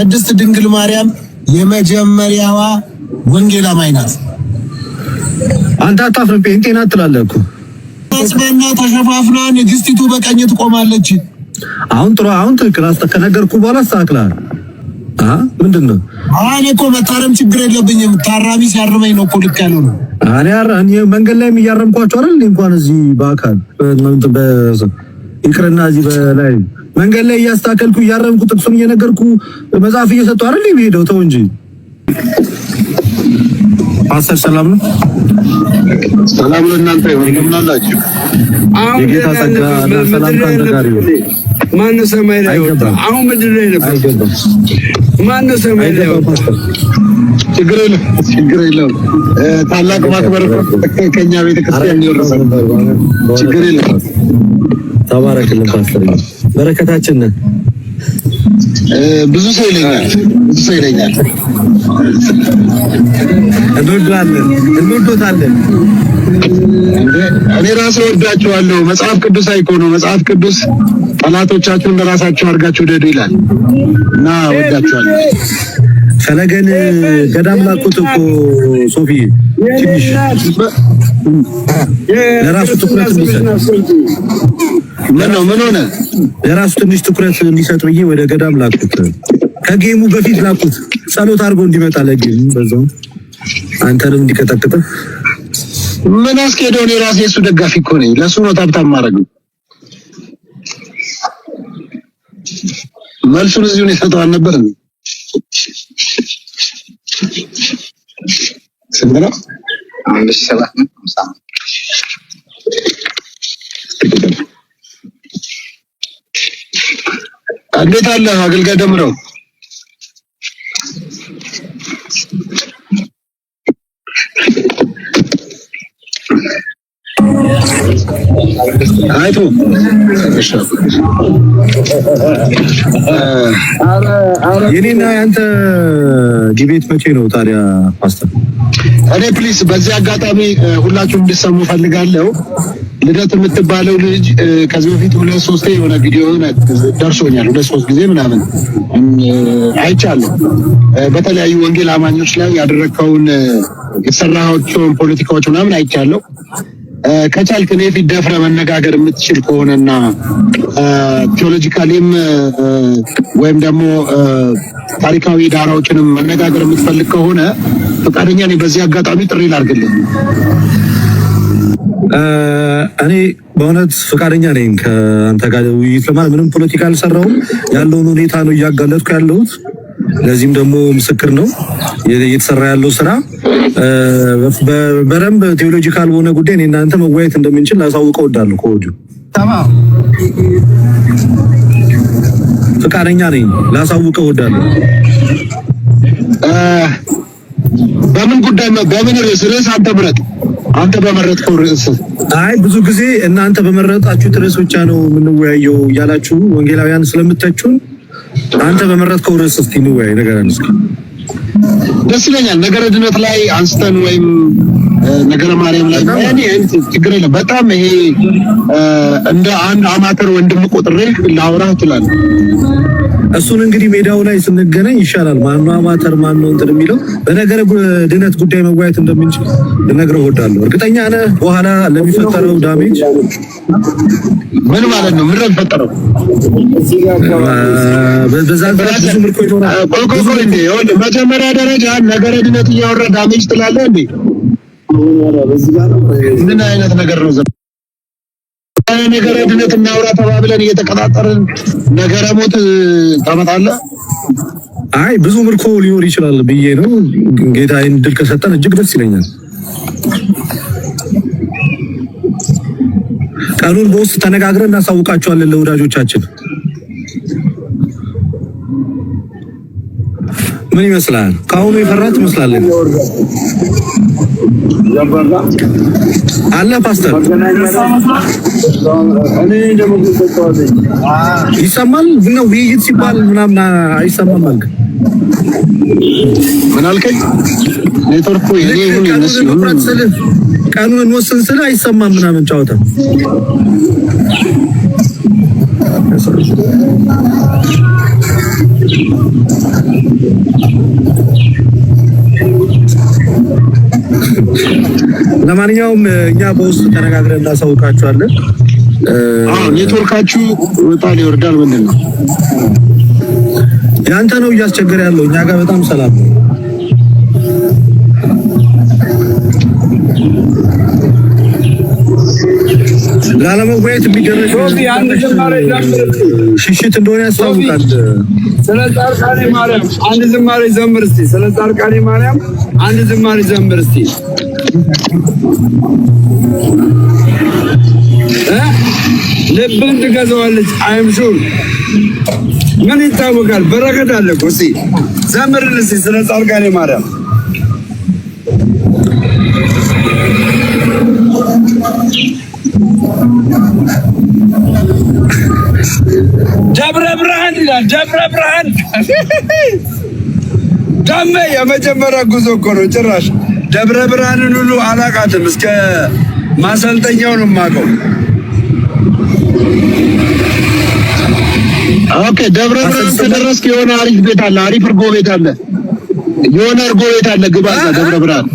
ቅድስት ድንግል ማርያም የመጀመሪያዋ ወንጌላማይ ናት። አንተ አታፍርም፣ ጴንጤ ናት ትላለህ እኮ አጽናና ተሸፋፍና ንግስቲቱ በቀኝ ትቆማለች። አሁን ጥሩ፣ አሁን ትክክል ከነገርኩ በኋላ አ ምንድን ነው እኔ እኮ መታረም ችግር የለብኝም። ታራሚ ሲያርመኝ ነው እኮ ልክ ያለው ነው። እኔ መንገድ ላይ የሚያረምኳቸው አይደል እንኳን እዚህ በአካል ይቅርና እዚህ በላይ መንገድ ላይ እያስታከልኩ እያረምኩ ጥቅሱን እየነገርኩ መጽሐፍ እየሰጡ አይደል የሚሄደው? ተው እንጂ ፓስተር፣ ሰላም ነው? ሰላም ለእናንተ ይሁን እንደምናላችሁ። አሁን የጌታ ጸጋ ሰላም ካንተ ጋር ይሁን። ማን ሰማይ ላይ ወጣ? አሁን ምድር ላይ ነበር። ማን ሰማይ ላይ ወጣ? ችግር የለም፣ ችግር የለም። ታላቅ ማክበር ከኛ ቤተክርስቲያን ይወርሳል። ችግር የለም። ተባረክልን ፓስተር። ነው በረከታችን ብዙ ሰው ይለኛል፣ ብዙ ሰው ይለኛል። እንወዳለን፣ እንወዶታለን። እኔ ራሴ ወዳቸዋለሁ። መጽሐፍ ቅዱስ አይኮ ነው። መጽሐፍ ቅዱስ ጠላቶቻችሁን በራሳቸው አድርጋችሁ ውደዱ ይላል እና ወዳቸዋለሁ። ፈለገን ገዳም ላኩት እኮ ሶፊ ትንሽ ለራሱ ትኩረት እንዲሰጥ ምን ሆነ ለራሱ ትንሽ ትኩረት እንዲሰጥ ብዬ ወደ ገዳም ላኩት። ከጌሙ በፊት ላኩት ጸሎት አድርጎ እንዲመጣ ለጌሙ በዛው አንተንም እንዲቀጠቅጥ። ምን አስኬደው ነው። የራሴ የእሱ ደጋፊ እኮ ነኝ። ለእሱ ነው ታብታብ ማድረግ መልሱን እዚሁን የሰጠው አልነበረም። ስንት ነው? አንድ ሺ ሰባት መቶ ሀምሳ እንዴት አለ አገልጋይ ደምረው አይቶ የኔና ያንተ ዲቤት መቼ ነው ታዲያ ፓስተር? እኔ ፕሊስ በዚህ አጋጣሚ ሁላችሁም እንድሰሙ ፈልጋለሁ። ልደት የምትባለው ልጅ ከዚህ በፊት ሁለት ሶስት የሆነ ቪዲዮ ደርሶኛል። ሁለት ሶስት ጊዜ ምናምን አይቻለሁ። በተለያዩ ወንጌል አማኞች ላይ ያደረግከውን የሰራቸውን ፖለቲካዎች ምናምን አይቻለሁ። ከቻልክ እኔ ፊት ደፍረ መነጋገር የምትችል ከሆነና ቴዎሎጂካሊም ወይም ደግሞ ታሪካዊ ዳራዎችንም መነጋገር የምትፈልግ ከሆነ ፈቃደኛ ነኝ። በዚህ አጋጣሚ ጥሪ ላድርግልህ። እኔ በእውነት ፈቃደኛ ነኝ ከአንተ ጋር ውይይት ለማለት ምንም ፖለቲካ አልሰራውም። ያለውን ሁኔታ ነው እያጋለጥኩ ያለሁት። ለዚህም ደግሞ ምስክር ነው እየተሰራ ያለው ስራ። በደንብ ቴዎሎጂካል በሆነ ጉዳይ እኔ እናንተ መወያየት እንደምንችል ላሳውቀው እወዳለሁ። ከወዲሁ ፈቃደኛ ነኝ፣ ላሳውቀው እወዳለሁ። በምን ጉዳይ ነው? በምን ርዕስ ርዕስ አንተ ምረጥ። አንተ በመረጥከው ርዕስ። አይ ብዙ ጊዜ እናንተ በመረጣችሁት ርዕስ ብቻ ነው የምንወያየው እያላችሁ ወንጌላውያን ስለምታችሁን አንተ በመረጥከው ርዕስ እስቲ እንወያይ። ነገር አንስኪ ደስ ይለኛል። ነገረ ድነት ላይ አንስተን ወይም ነገረ ማርያም ላይ ያኔ ችግር የለም። በጣም ይሄ እንደ አንድ አማተር ወንድም ቆጥሬ ላውራህ ትላለህ እሱን እንግዲህ ሜዳው ላይ ስንገናኝ ይሻላል። ማነው አማተር ማኖ እንትን የሚለው በነገረ ድነት ጉዳይ መወያየት እንደምንችል ልነግረህ እወዳለሁ። እርግጠኛ ነህ በኋላ ለሚፈጠረው ዳሜጅ ምን ማለት ነው? ምን ፈጠረው? በዛ ብዙ ምርኮ መጀመሪያ ደረጃ ነገረ ድነት እያወራ ዳሜጅ ትላለህ እንዴ? ምን አይነት ነገር ነው? ነገረ ድነት እናውራ ተባብለን እየተቀጣጠርን ነገረ ሞት ታመጣለህ። አይ ብዙ ምርኮ ሊኖር ይችላል ብዬ ነው። ጌታ ይህን ድል ከሰጠን እጅግ ደስ ይለኛል። ቀኑን በውስጥ ተነጋግረን እናሳውቃቸዋለን ለወዳጆቻችን። ምን ይመስላል? ከአሁኑ የፈራ ይመስላለን? አለ ፓስተር ይሰማል ነው ውይይት ሲባል ምናምን አይሰማም። መልክ ምን አልከኝ? ኔትወርኩ ቀኑን እንወስን ስለ አይሰማም ምናምን ጫወታ ለማንኛውም እኛ በውስጥ ተነጋግረን እናሳውቃችኋለን። ኔትወርካችሁ በጣም ይወርዳል። ምንድን ነው ያንተ ነው እያስቸገረ ያለው። እኛ ጋር በጣም ሰላም ነው። ላለመወያየት የሚደረግ ሽሽት እንደሆነ ያስታውቃል። ስለ ጻድቃኔ ማርያም አንድ ዝማሬ ዘምር እስቲ። ስለ ጻድቃኔ ማርያም አንድ ዝማሬ ዘምር እስቲ። ልብን ትገዛዋለች። አይምሹር ምን ይታወቃል? በረከት አለ እኮ። እስቲ ዘምርን እስቲ ስለ ጻድቃኔ ማርያም ደብረ ብርሃን ይላል። ደብረ ብርሃን ዳሜ የመጀመሪያ ጉዞ እኮ ነው። ጭራሽ ደብረ ብርሃንን ሁሉ አላቃትም። እስከ ማሰልጠኛው ነው የማውቀው። ኦኬ፣ ደብረ ብርሃን ከደረስክ የሆነ አሪፍ ቤት አለ። አሪፍ እርጎ ቤት አለ። የሆነ እርጎ ቤት አለ። ግባ ደብረ ብርሃን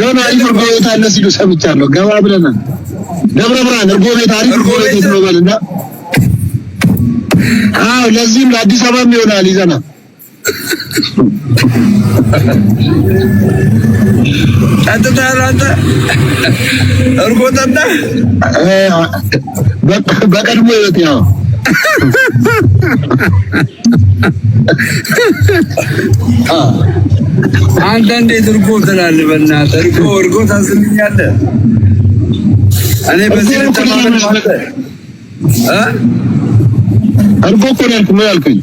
የሆነ አሪፍ እርጎ ቤት አለ ሲሉ ሰምቻለሁ። ገባ ብለናል። ደብረ ብርሃን እርጎ ቤት አሪፍ እርጎ ቤት ነው በልና አዎ፣ ለዚህም ለአዲስ አበባም ይሆናል ይዘና እርጎ ጠጣ በቀድሞ ይወት ያው አንዳንዴ እርጎ ትላለህ። በእናትህ እርጎ እርጎ ታዝልኛለህ። እኔ በዚህ ልተማመን እርጎ እኮ ነው ያልኩህ።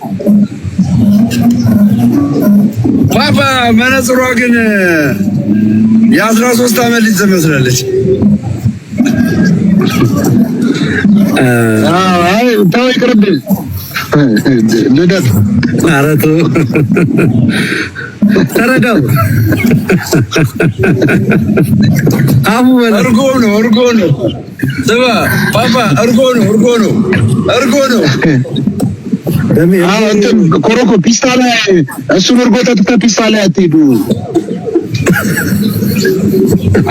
ምን ፓፓ። መነጽሯ ግን የአስራ ሶስት አመት ልጅ ትመስላለች። ተው ይቅርብኝ። ልደት ኧረ ተረዳው። አቡ እርጎ ነው እርጎ ነው ስማ ፓፓ እርጎ ነው እርጎ ነው እርጎ ነው። ኮረኮ ፒስታ ላይ እሱን እርጎ ጠጥተህ ፒስታ ላይ አትሄዱ።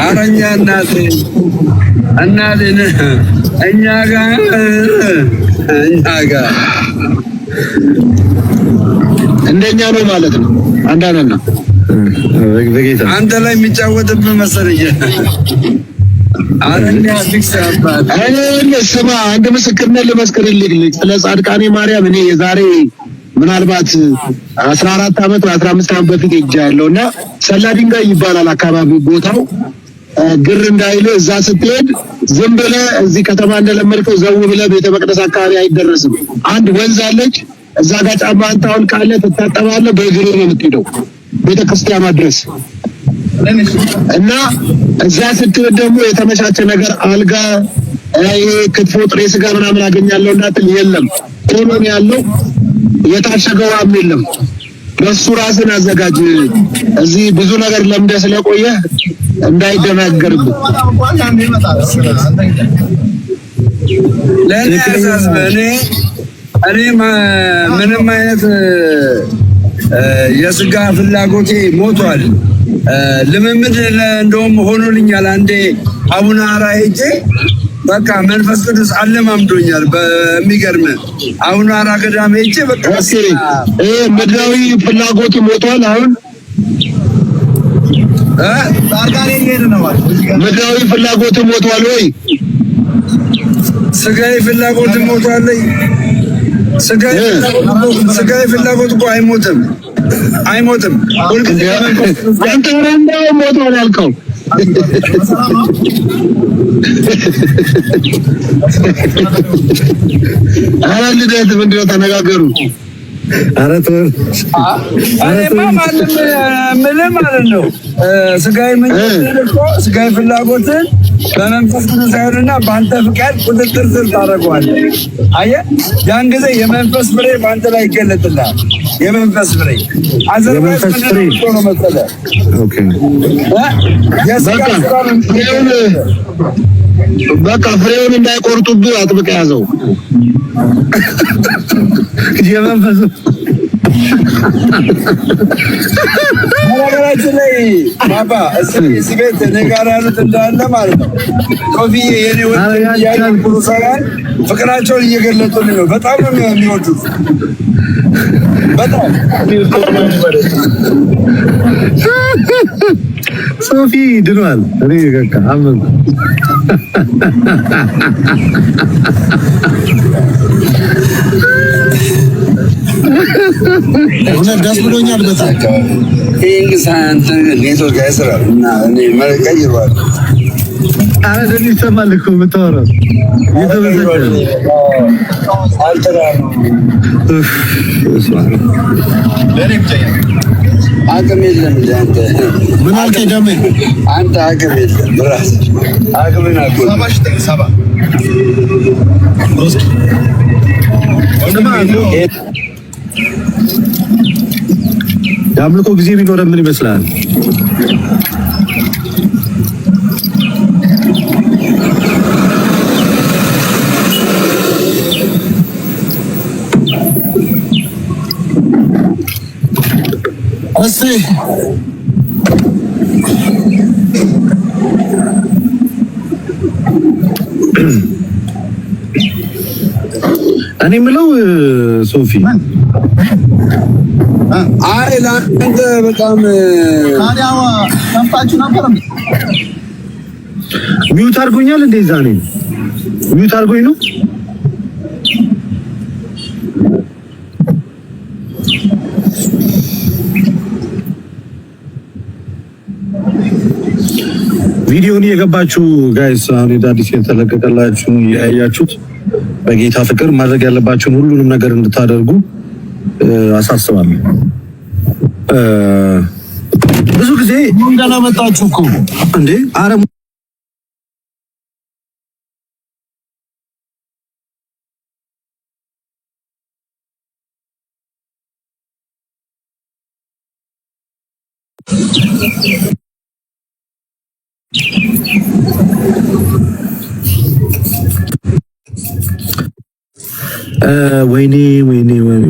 አረኛ እናቴ እናቴ እኛ ጋር እኛ ጋር እንደኛ ነው ማለት ነው። አንዳንድ ነው አንተ ላይ የሚጫወትብህ መሰለኝ። ስማ አንድ ምስክርነት ልመስክርልህ ስለ ጻድቃኔ ማርያም። እኔ የዛሬ ምናልባት አስራ አራት አመት አስራ አምስት አመት በፊት ሄጃለሁ እና ሰላ ድንጋይ ይባላል አካባቢ ቦታው ግር እንዳይል እዛ ስትሄድ ዝም ብለ እዚህ ከተማ እንደለመድከው ዘው ብለ ቤተ መቅደስ አካባቢ አይደረስም። አንድ ወንዝ አለች። እዛ ጋር ጫማ ታውል ካለ ትታጠባለ። በእግር ነው የምትሄደው ቤተ ክርስቲያን ማድረስ እና እዛ ስትሄድ ደግሞ የተመቻቸ ነገር አልጋ፣ ይሄ ክትፎ፣ ጥሬ ስጋ ምናምን አገኛለሁ እንዳትል የለም። ሆኖም ያለው የታሸገ ውሃም የለም። በሱ ራስን አዘጋጅ። እዚህ ብዙ ነገር ለምደ ስለቆየ እንዳይደናገር እኔ ምንም አይነት የስጋ ፍላጎቴ ሞቷል። ልምምድ እንደውም ሆኖልኛል። አንዴ አቡነ አራ ሄጄ በቃ መንፈስ ቅዱስ አለማምዶኛል። በሚገርም አቡነ አራ ገዳም ሄጄ በቃ ምድራዊ ፍላጎት ሞቷል አሁን ምድራዊ ፍላጎት ሞቷል ወይ? ስጋዊ ፍላጎት ሞቷል። ስጋዊ ፍላጎት እኮ አይሞትም፣ አይሞትም። አንተ ሞቷል ያልከው አላልደት ምንድነው? ተነጋገሩ አረቶን እኔማ ማንም ምንም ማለት ነው። ስጋዊ ምኞት ስጋዊ ፍላጎትን በመንፈስ ቅዱስ ሳይሆንና በአንተ ፍቃድ ቁጥጥር ስር ታደርገዋለህ። አየህ፣ ያን ጊዜ የመንፈስ ፍሬ በአንተ ላይ ይገለጥልሃል። የመንፈስ ፍሬ አዘርባይስ ነው መሰለህ በቃ ፍሬውን እንዳይቆርጡብህ አጥብቀ ያዘው። የመንፈሱ በነገራችን ላይ ባባ እዚህ ቤት እኔ ጋር ያሉት እንዳለ ማለት ነው። የኔ ፍቅራቸውን ነው። በጣም ነው የሚወዱት። በጣም ሶፊ ድኗል። እኔ በቃ አመንኩ። እውነት ደስ ብሎኛል በጣም እንግዲህ ኔትወርክ አይሰራም እና እኔ ቀይሯል። አረ ደስ ይሰማል እኮ የምታወራው የተመሰገነ አቅም የለም። አንተ ምን አልከኝ? ደሜ አንተ አቅም የለም። ራስህ አቅምን የአምልኮ ጊዜ ቢኖረ ምን ይመስላል? እስቲ እኔ የምለው ሶፊ አይ ለአንተ በጣም ሰምታችሁ ነበር። ሚዩት አድርጎኛል እንደዛ ሚዩት አድርጎኝ ነው ቪዲዮን የገባችሁ ጋይስ አሁን አዲስ የተለቀቀላችሁ ያያችሁት በጌታ ፍቅር ማድረግ ያለባችሁን ሁሉንም ነገር እንድታደርጉ አሳስባለሁ። ብዙ ጊዜ እንዳላመጣችሁ እኮ እንዴ አረ Thank ወይኔ ወይኔ ወይኔ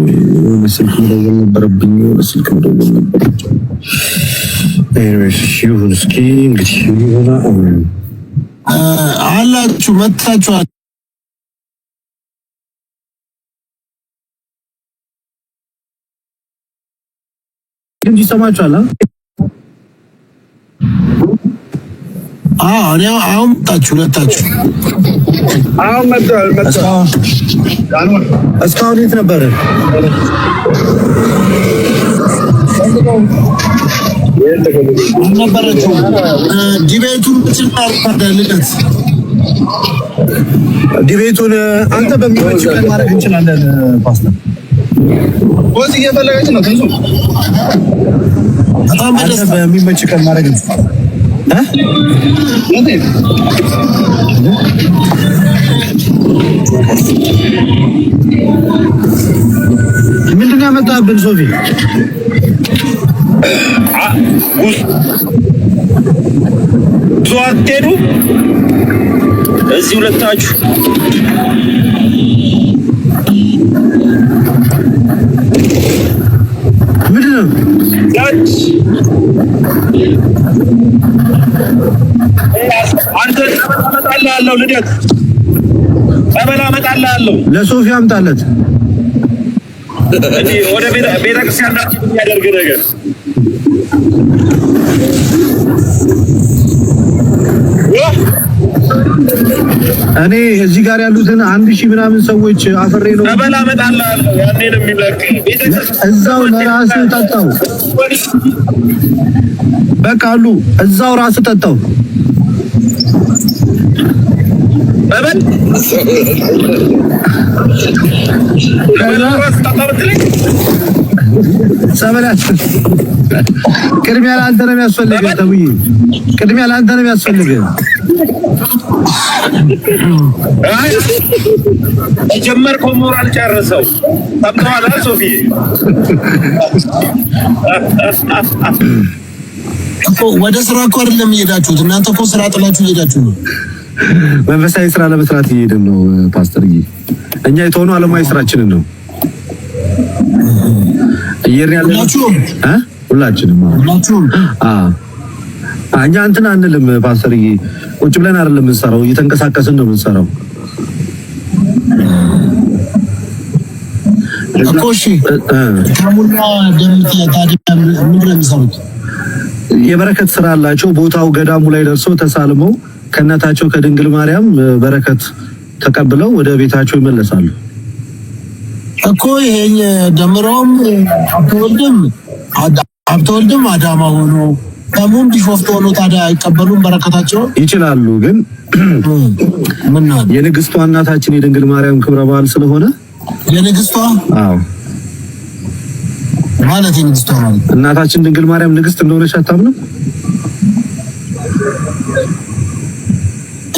ስልክ መደወል ነበረብኝ። ስልክ መደወል ነበር። ይሁን እስኪ እንግዲህ አላችሁ መታችኋል። ግን ይሰማችኋል አሁን አሁን መጣችሁ ሁለታችሁ። አሁን መጣል መጣል። እስካሁን የት ነበረ? አልነበረችም። ዲቤቱን አንተ በሚመች ማድረግ እንችላለን። ፓስተር ወዝ እየፈለገች ነው። በሚመች ቀን ማድረግ እንችላለን። ምንድን ያመጣብን ሶፊ? ብዙ አትሄዱ እዚህ ሁለታችሁ ምንድን ነው አንተ ጸበል ልደት ጸበል አመጣልሃለሁ። ለሶፊ አምጣለት ወደ ቤተክርስቲያን የሚያደርግ ነገር Yeah. እኔ እዚህ ጋር ያሉትን አንድ ሺህ ምናምን ሰዎች አፈሬ ነው ተበላ ያኔ ነው የሚለቅ እዛው ለራስህ ጠጣው። በቃ አሉ እዛው ራስ ጠጣው። በበል ሰበላችን ቅድሚያ ለአንተ ነው የሚያስፈልገው። ተውዬ ቅድሚያ ለአንተ ነው የሚያስፈልገው። የጀመርከው ሞራል ጨርሰው ጠብተዋል። ሶፊ ወደ ስራ እኮ አይደለም እየሄዳችሁት እናንተ እኮ ስራ ጥላችሁ እየሄዳችሁ ነው። መንፈሳዊ ስራ ለመስራት እየሄድን ነው ፓስተርዬ። እኛ የተሆኑ አለማዊ ስራችንን ነው አየር ሁላችንም እኛ እንትን አንልም። ፓስተርዬ ቁጭ ብለን አይደለም የምንሰራው፣ እየተንቀሳቀስን ነው የምንሰራው። የበረከት ስራ አላቸው። ቦታው ገዳሙ ላይ ደርሰው ተሳልመው ከእናታቸው ከድንግል ማርያም በረከት ተቀብለው ወደ ቤታቸው ይመለሳሉ። እኮ ይሄ ደምረውም ሀብተወልድም ሀብተወልድም አዳማ ሆኖ ከሙን ቢሾፍት ሆኖ ታዲያ አይቀበሉም በረከታቸው ይችላሉ። ግን የንግስቷ እናታችን የድንግል ማርያም ክብረ በዓል ስለሆነ የንግስቷ አዎ ማለት የንግስቷ ማለት እናታችን ድንግል ማርያም ንግስት እንደሆነች አታምንም?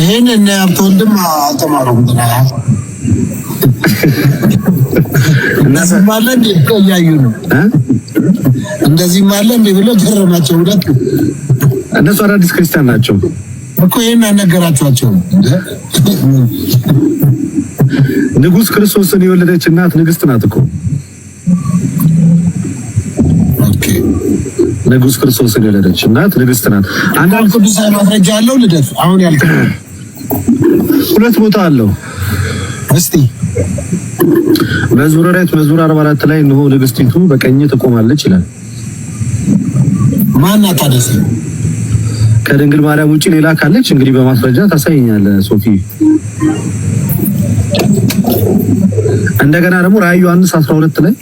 ይህን እነ ሀብተወልድም አልተማሩም። እንደዚህ አለ እንዴ ብለው እያዩ ነው። እንደዚህ አለ እንዴ ብለው ገረማቸው። ሁለት እነሱ አዳዲስ ክርስቲያን ናቸው እኮ ይህን አልነገራችኋቸው? ንጉሥ ክርስቶስን የወለደች እናት ንግስት ናት እኮ ንጉስ ክርስቶስ የወለደች እናት ንግስት ናት። አንዳንድ ቅዱሳን ማስረጃ አለው። ልደት አሁን ያልከው ሁለት ቦታ አለው። እስቲ በዙር ረት በዙር 44 ላይ ነው ንግስቲቱ በቀኝ ትቆማለች ይላል። ማን አታደስ ከድንግል ማርያም ውጪ ሌላ ካለች እንግዲህ በማስረጃ ታሳየኛለህ ሶፊ። እንደገና ደግሞ ራዕይ ዮሐንስ 12 ላይ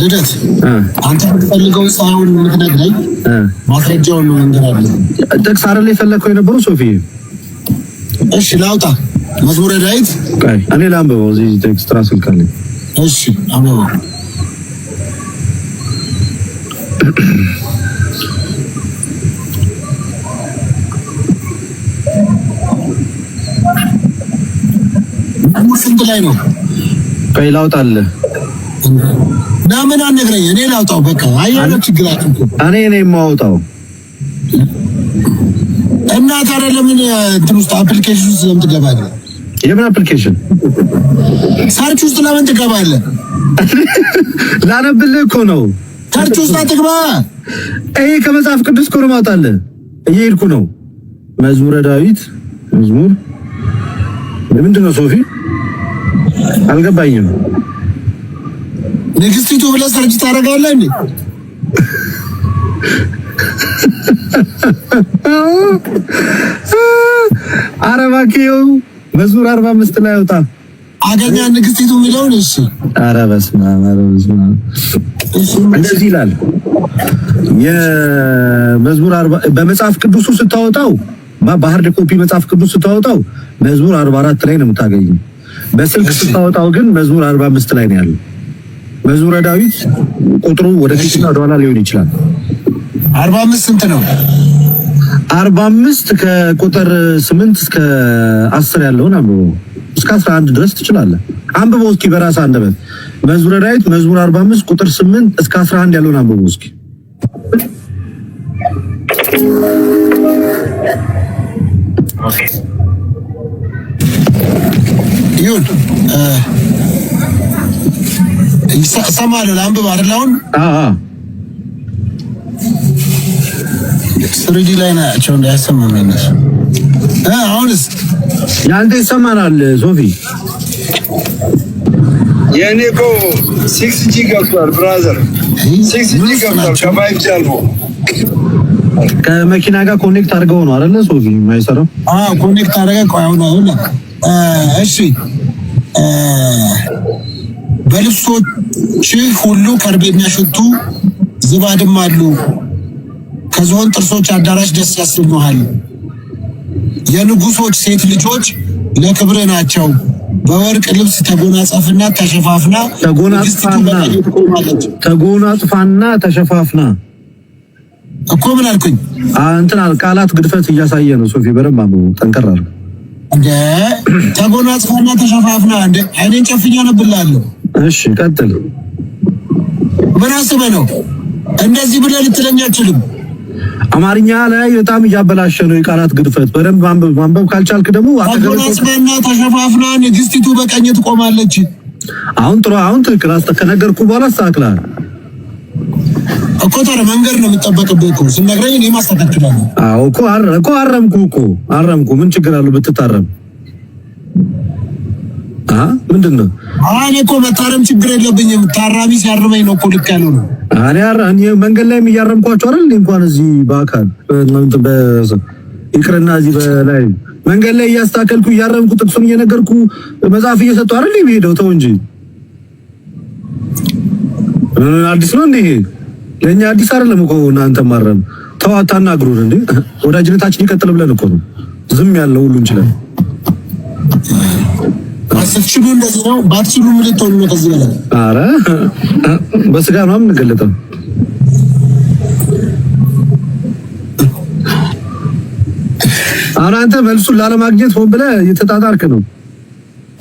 ልደት አንተ የምትፈልገው ሳይሆን የምትነግረኝ ማስረጃውን ነው እንገራለን። ጥቅስ አይደል የፈለግከው የነበረው ሶፊ? እሺ ላውጣ መዝሙረ ዳዊት እኔ ላንብበው። እዚህ ኤክስትራ ስልክ አለኝ። እሺ አንብበው። ስንት ላይ ነው? ቆይ ላውጣልህ። ለምን አነግረኝ? እኔ ላውጣው። በቃ አያለ ችግራችሁ እኔ እኔ የማውጣው እናት አይደለም። ምን እንትን ውስጥ አፕሊኬሽን ውስጥ ለምን ትገባለህ? የምን አፕሊኬሽን ሰርች ውስጥ ለምን ትገባለህ? ላነብልህ እኮ ነው። ሰርች ውስጥ አትግባ። ይሄ ከመጽሐፍ ቅዱስ እኮ ነው የማወጣልህ። እየሄድኩ ነው። መዝሙረ ዳዊት መዝሙር ምንድን ነው? ሶፊ አልገባኝም። ንግስቲቱ ብለህ ሰርች ታደርጋለህ እንዴ? አረ እባክህ መዝሙር አምስት ላይ አውጣ አገኛ ንግስቲቱ የሚለውን እሺ። ኧረ በስመ አብ ኧረ በስመ አብ እንደዚህ ይላል የመዝሙር በመጽሐፍ ቅዱሱ ስታወጣው በሀርድ ኮፒ መጽሐፍ ቅዱስ ስታወጣው መዝሙር 44 ላይ ነው የምታገኘው። በስልክ ስታወጣው ግን መዝሙር 45 ላይ ነው ያለው። መዝሙረ ዳዊት ቁጥሩ ወደ ፊትና ወደ ሊሆን ይችላል። 45 ስንት ነው? አርባ አምስት ከቁጥር ስምንት እስከ አስር ያለውን አንብቦ እስከ አስራ አንድ ድረስ ትችላለህ። አንብቦ እስኪ በራስ አንደበት መዝሙረ ዳዊት መዝሙር አርባ አምስት ቁጥር ስምንት እስከ አስራ አንድ ያለውን አንብቦ እስኪ ይሁን ሰማለሁ። አንብብ አይደል አሁን ስሪዲ ላይ ናቸው እንዳያሰማም እነሱ። አሁንስ ያንተ ይሰማናል ሶፊ። የእኔ እኮ ሲክስ ጂ ገብቷል ብራዘር፣ ሲክስ ጂ ገብቷል ከፋይቭ ጂ አልፎ ከመኪና ጋር ኮኔክት አድርገው ነው አይደለ ሶፊ? የማይሰራው አዎ፣ ኮኔክት አድርገህ ቆይ። አሁን አሁን እሺ፣ በልብሶችህ ሁሉ ከርቤ የሚያሸቱ ዝባድም አሉ ከዝሆን ጥርሶች አዳራሽ ደስ ያሰኘሃል። የንጉሶች ሴት ልጆች ለክብር ናቸው። በወርቅ ልብስ ተጎናጸፍና ተሸፋፍና ተጎናጽፋና ተሸፋፍና እኮ ምን አልኩኝ? እንትን ቃላት ግድፈት እያሳየ ነው። ሶፊ በደንብ አምቡ ጠንከር አለ ተጎናጽፋና ተሸፋፍና እንደ አይኔን ጨፍኛ ነብላለሁ። እሺ ቀጥል። ምን አስበህ ነው እንደዚህ ብለህ ልትለኝ አልችልም። አማርኛ ላይ በጣም እያበላሸ ነው። የቃላት ግድፈት በደንብ ማንበብ ካልቻልክ ደግሞ አተገለጽበና ተሸፋፍና ንግስቲቱ በቀኝ ትቆማለች። አሁን ጥሩ፣ አሁን ትክክል። ከነገርኩ በኋላ አስተካክላለሁ እኮ ታዲያ መንገድ ነው የምጠበቅብህ እኮ ስነግረኝ እኔ ማስተካክላለሁ እኮ አረምኩ እኮ አረምኩ። ምን ችግር አለው ብትታረም? ምንድን ነው? እኔ እኮ መታረም ችግር የለብኝም። ታራሚ ሲያርመኝ ነው እኮ ልክ ያለው ነው። እኔ መንገድ ላይም እያረምኳቸው አይደል? እንኳን እዚህ በአካል ይቅርና እዚህ በላይ መንገድ ላይ እያስታከልኩ እያረምኩ ጥቅሱን እየነገርኩ መጽሐፍ እየሰጡ አይደል የሚሄደው። ተው እንጂ አዲስ ነው እንዴ? ለእኛ አዲስ አይደለም እኮ እናንተ ማረም ተው፣ አታናግሩን እንዴ። ወዳጅነታችን ይቀጥል ብለን እኮ ነው ዝም ያለው ሁሉ እንችላለን ስትችሉ እንደዚህ ነው፣ ባትችሉ ምን ልትሆኑ ነው? ከዚህ በላይ በስጋ ነው የምንገለጠው። አሁን አንተ መልሱን ላለማግኘት ሆን ብለህ የተጣጣርክ ነው።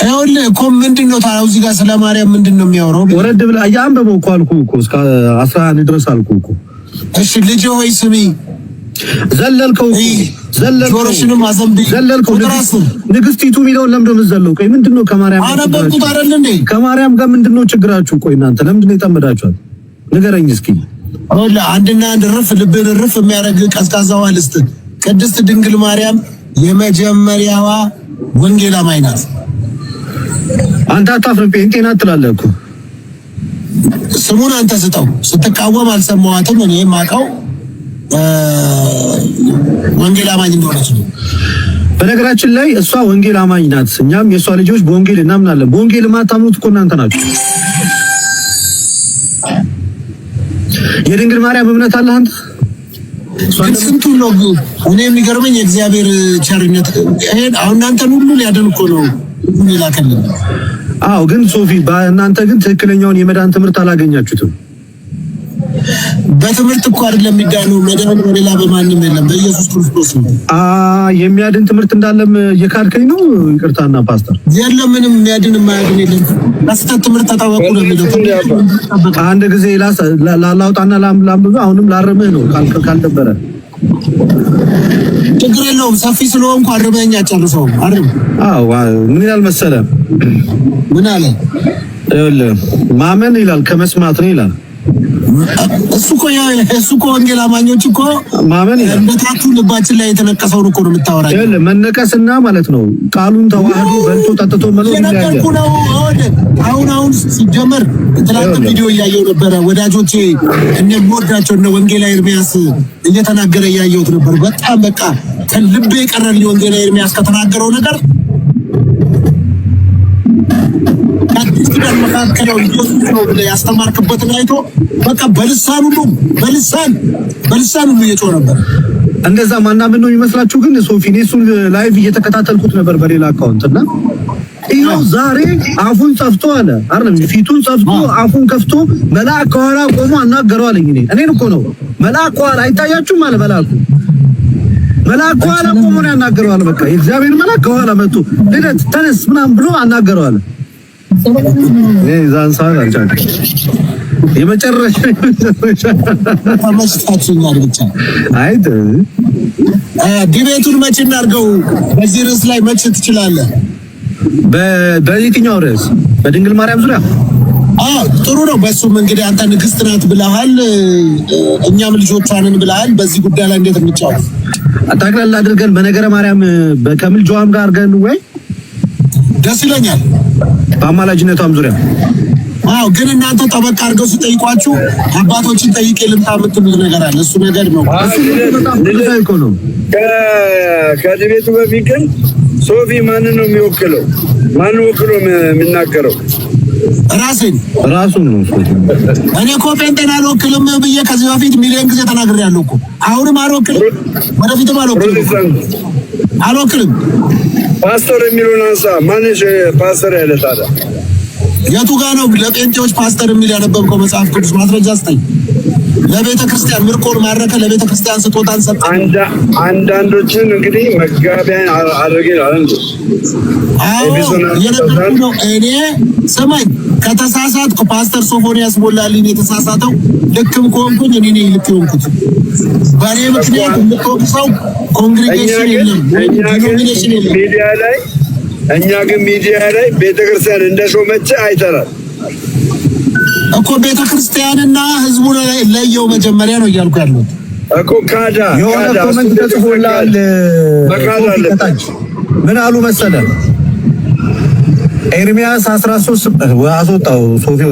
ይኸውልህ እኮ ምንድን ነው ታዲያ እዚህ ጋር ስለ ማርያም ምንድን ነው የሚያወራው? ወረድ ብለህ አየህ፣ እኮ አልኩህ እኮ እስከ አስራ አንድ ድረስ አልኩህ እኮ። እሺ ልጅ ሆይ ስሚ ንግስቲቱ የሚለውን ለምንድን ነው የምትዘለው? ቆይ ምንድን ነው ከማርያም ከማርያም ጋር ምንድን ነው ችግራችሁ? ቆይ እናንተ ለምንድን ነው የጠመዳችኋት? ንገረኝ እስኪ። አሁን አንድና አንድ ርፍ ልብን ርፍ የሚያደርግ ቀዝቃዛዋ ልስት ቅድስት ድንግል ማርያም የመጀመሪያዋ ወንጌላዊት ናት። አንተ አታፍርም? ጴንጤ ናት ትላለህ እኮ ስሙን አንተ ስጠው። ስትቃወም አልሰማኋትም እኔ የማውቀው ወንጌል አማኝ እንደሆነች ነው። በነገራችን ላይ እሷ ወንጌል አማኝ ናት። እኛም የእሷ ልጆች በወንጌል እናምናለን። በወንጌል የማታምኑት እኮ እናንተ ናችሁ። የድንግል ማርያም እምነት አለ አንተ ስንቱ ነው እኔ የሚገርመኝ የእግዚአብሔር ቸርነት ይሄን አሁን እናንተን ሁሉ ሊያድን እኮ ነው ላከልን። አዎ ግን ሶፊ፣ እናንተ ግን ትክክለኛውን የመዳን ትምህርት አላገኛችሁትም። በትምህርት እኮ አይደለም የሚዳነው መዳን በሌላ በማንም የለም በኢየሱስ ክርስቶስ ነው። የሚያድን ትምህርት እንዳለም የካድከኝ ነው። ይቅርታና ፓስተር የለም ምንም የሚያድን የማያድን የለም። በስተት ትምህርት ተጠበቁ ነው የሚለው አንድ ጊዜ ላላውጣና ላምብዙ አሁንም ላርምህ ነው ካልነበረ ችግር የለውም። ሰፊ ስለሆንኩ አርመኛ ጨርሰው አርም። ምን ይላል መሰለ፣ ምን አለ ማመን ይላል ከመስማት ነው ይላል እሱ እኮ እሱ እኮ ወንጌል አማኞች እኮ ማመን በታቱ ልባችን ላይ የተነቀሰውን እኮ ነው የምታወራ። መነቀስና ማለት ነው ቃሉን ተዋህዶ በልቶ ጠጥቶ መኖር ነገርኩ ነው። አሁን አሁን ሲጀመር ትላንት ቪዲዮ እያየው ነበረ። ወዳጆቼ እነምወዳቸው እነ ወንጌላ ኤርሚያስ እየተናገረ እያየሁት ነበር። በጣም በቃ ልቤ የቀረልኝ ወንጌላ ኤርሚያስ ከተናገረው ነገር ኪዳን መካከል ኢየሱስ ነው ብለህ ያስተማርክበትን አይቶ በቃ በልሳን ሁሉ በልሳን በልሳን ሁሉ እየጮህ ነበር። እንደዛ ማናምን ነው የሚመስላችሁ። ግን ሶፊ እኔ እሱን ላይቭ እየተከታተልኩት ነበር በሌላ አካውንት እና ይኸው ዛሬ አፉን ጸፍቶ አለ አይደል? ፊቱን ጸፍቶ አፉን ከፍቶ መልአክ ከኋላ ቆሞ አናገረው አለኝ። እኔ እኔን እኮ ነው መልአክ ከኋላ አይታያችሁም አለ መልአኩ መልአክ ከኋላ ቆሞ ነው አለ። በቃ የእግዚአብሔር መልአክ ከኋላ መጥቶ ልደት ተነስ ምናምን ብሎ አናገረው አለ። ዛን ሰዓት አልቻልኩም። የመጨረሻ ተመችታችኛል። ብቻ አይ ዲቤቱን መቼ እናድርገው? በዚህ ርዕስ ላይ መቼ ትችላለህ? በየትኛው ርዕስ? በድንግል ማርያም ዙሪያ ጥሩ ነው። በሱም እንግዲህ አንተ ንግስት ናት ብለሃል፣ እኛም ልጆቿንን ብለሃል። በዚህ ጉዳይ ላይ እንዴት እንጫወት? ጠቅላላ አድርገን በነገረ ማርያም ከምልጃዋም ጋር አድርገን ወይ ደስ ይለኛል። በአማላጅነቷም ዙሪያ አዎ ግን እናንተ ጠበቅ አድርገው ሲጠይቋችሁ አባቶችን ጠይቄ ልምጣ የምትሉት ነገር አለ። እሱ ነገር ነው ነው። ከድቤቱ በፊት ግን ሶፊ ማን ነው የሚወክለው? ማን ወክሎ የሚናገረው? ራሴን ራሱን ነው። እኔ እኮ ጴንጤን አልወክልም ብዬ ከዚህ በፊት ሚሊዮን ጊዜ ተናግሬያለሁ እኮ አሁንም አልወክልም፣ ወደፊትም አልወክልም አልወክልም። ፓስተር የሚሉን አንሳ። ማንሽ ፓስተር ያለ ታዲያ የቱ ጋ ነው ለጴንጤዎች ፓስተር የሚል ያነበብከው መጽሐፍ ቅዱስ ማስረጃ ስጠኝ። ለቤተ ክርስቲያን ምርኮን ማረከ፣ ለቤተ ክርስቲያን ስጦታን ሰጠ። አንዳንዶችን እንግዲህ መጋቢያን አድርገ ይላል። እኔ ስማኝ፣ ከተሳሳትኩ ፓስተር ሶፎንያስ ሞላልኝ የተሳሳተው፣ ልክም ከሆንኩኝ እኔ ነኝ ልክ የሆንኩት። በእኔ ምክንያት የምትወቅሰው ኮንግሬጌሽን የለም፣ ዲኖሚኔሽን የለም። ሚዲያ ላይ እኛ ግን ሚዲያ ላይ ቤተክርስቲያን እንደሾመች አይተናል። እኮ ቤተ ክርስቲያንና ህዝቡ ለየው መጀመሪያ ነው እያልኩ ያለው እኮ ካዳ የሆነ ኮመንት ተጽፎላል። ምን አሉ መሰለ ኤርሚያስ 13 አስወጣው ሶፊ